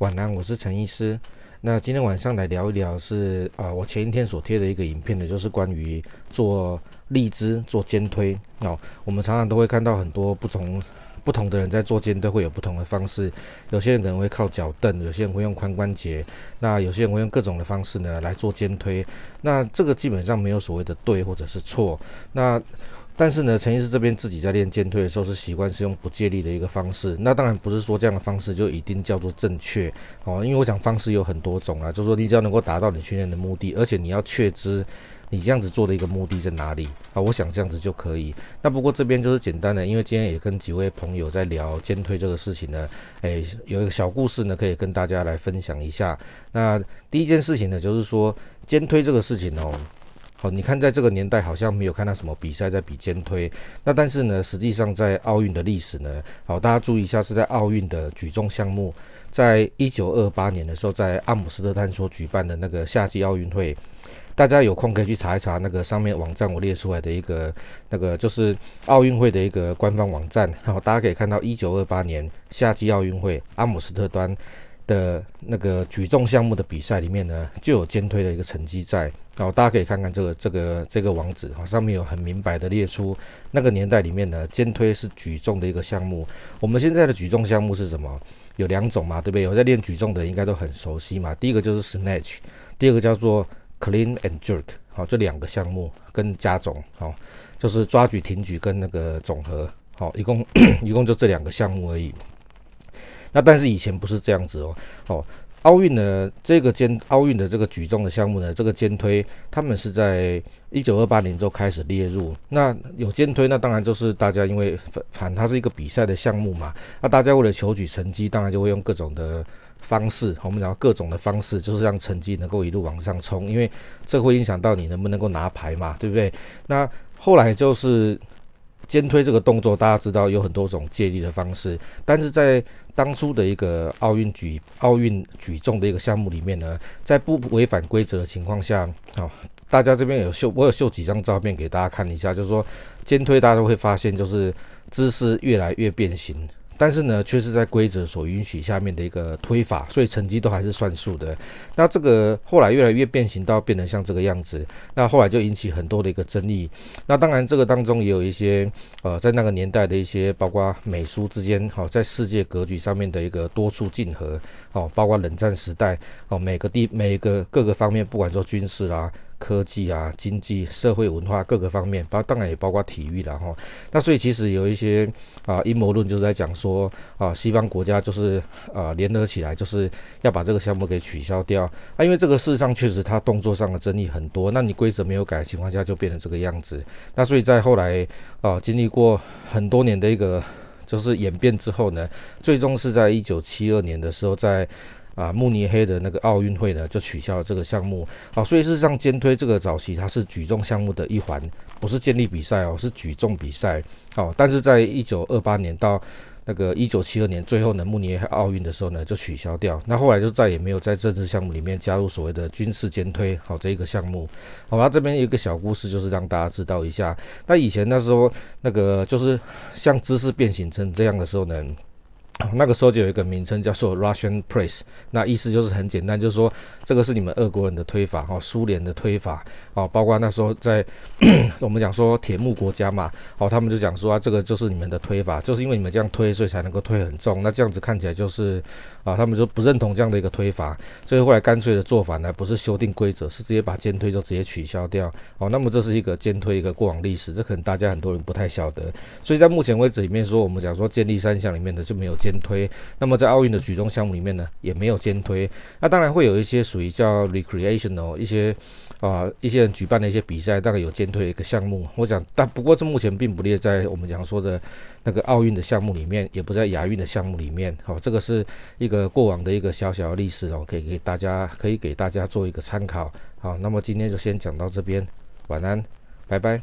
晚安，我是陳醫師。那今天晚上來聊一聊是，是啊，我前一天所貼的一個影片呢，就是關於做荔枝做肩推。那、哦、我們常常都會看到很多不同不同的人在做肩推都會有不同的方式。有些人可能會靠腳凳，有些人會用髖關節，那有些人會用各種的方式呢來做肩推。那這個基本上沒有所謂的對或者是錯。那但是呢，陳醫師這邊自己在練肩推的時候是習慣是用不借力的一個方式。那當然不是說這樣的方式就一定叫做正確哦，因為我想方式有很多種啊，就是說你只要能夠達到你訓練的目的，而且你要確知你這樣子做的一個目的在哪裡啊、哦，我想這樣子就可以。那不過這邊就是簡單的，因為今天也跟幾位朋友在聊肩推這個事情呢，誒、欸，有一個小故事呢可以跟大家來分享一下。那第一件事情呢，就是說肩推這個事情哦。好，你看，在這個年代好像沒有看到什麼比賽在比肩推。那但是呢，實際上在奧運的歷史呢，好，大家注意一下，是在奧運的舉重項目，在一九二八年的時候，在阿姆斯特丹所舉辦的那個夏季奧運會。大家有空可以去查一查那個上面網站，我列出來的一個那個就是奧運會的一個官方網站。然後大家可以看到，一九二八年夏季奧運會，阿姆斯特丹。的那個舉重項目的比賽裡面呢，就有肩推的一個成績在。好、哦，大家可以看看這個這個這個網址，好，上面有很明白的列出那個年代裡面呢，肩推是舉重的一個項目。我們現在的舉重項目是什麼？有兩種嘛，對不對？有在練舉重的應該都很熟悉嘛。第一個就是 snatch，第二個叫做 clean and jerk，好、哦，這兩個項目跟加總，好、哦，就是抓舉、挺舉跟那個總和，好、哦，一共 一共就這兩個項目而已。那但是以前不是這樣子哦，哦，奧運的這個肩奧運的這個舉重的項目呢，這個肩推他們是在一九二八年就開始列入。那有肩推，那當然就是大家因為反它是一個比賽的項目嘛，那大家為了求取成績，當然就會用各種的方式。我們講各種的方式，就是讓成績能夠一路往上衝，因為這會影響到你能不能夠拿牌嘛，對不對？那後來就是。肩推這個動作，大家知道有很多種借力的方式，但是在當初的一個奧運舉奧運舉重的一個項目裡面呢，在不違反規則的情況下，好、哦，大家這邊有秀，我有秀幾張照片給大家看一下，就是說肩推，大家都會發現就是姿勢越來越變形。但是呢，卻是在規則所允許下面的一個推法，所以成績都還是算數的。那這個後來越來越變形，到變得像這個樣子，那後來就引起很多的一個爭議。那當然，這個當中也有一些，呃，在那個年代的一些，包括美蘇之間，好、哦、在世界格局上面的一個多處競合，哦，包括冷戰時代，哦，每個地每個各個方面，不管說軍事啦、啊。科技啊，經濟、社會、文化各個方面，包當然也包括體育了吼。那所以其實有一些啊陰謀論就是在講說啊，西方國家就是啊聯合起來，就是要把這個項目給取消掉。那、啊、因為這個事實上確實它動作上的爭議很多，那你規則沒有改的情況下就變成這個樣子。那所以在後來啊經歷過很多年的一個就是演變之後呢，最終是在一九七二年的時候在。啊，慕尼黑的那個奧運會呢，就取消了這個項目。好，所以事實上肩推這個早期它是舉重項目的一環，不是健力比賽哦，是舉重比賽。好，但是在一九二八年到那個一九七二年最後呢，慕尼黑奧運的時候呢，就取消掉。那後來就再也沒有在這次項目裡面加入所謂的軍事肩推。好，這一個項目。好吧，那這邊有一個小故事，就是讓大家知道一下。那以前那時候那個就是像姿勢變形成這樣的時候呢。哦、那個時候就有一個名稱叫做 Russian Press，那意思就是很簡單，就是說，這個是你們俄國人的推法哦、蘇聯的推法哦，包括那時候在我們講說鐵幕國家嘛，哦、他們就講說啊，這個就是你們的推法，就是因為你們這樣推，所以才能夠推很重。那這樣子看起來就是啊、哦，他們就不認同這樣的一個推法，所以後來乾脆的做法呢，不是修訂規則，是直接把肩推就直接取消掉、哦、那麼，這是一個肩推一個過往歷史，這可能大家很多人不太曉得。所以在目前為止裡面說，我們講說健力三項裡面的就沒有肩推，那麼在奧運的舉重項目裡面呢，也沒有肩推。那當然會有一些屬於叫 recreational 一些啊一些人舉辦的一些比賽，大概有肩推的一個項目。我想，但不過這目前並不列在我們講說的那個奧運的項目裡面，也不在亞運的項目裡面。好、哦，這個是一個過往的一個小小歷史，哦，可以給大家可以給大家做一個參考。好，那麼今天就先講到這邊，晚安，拜拜。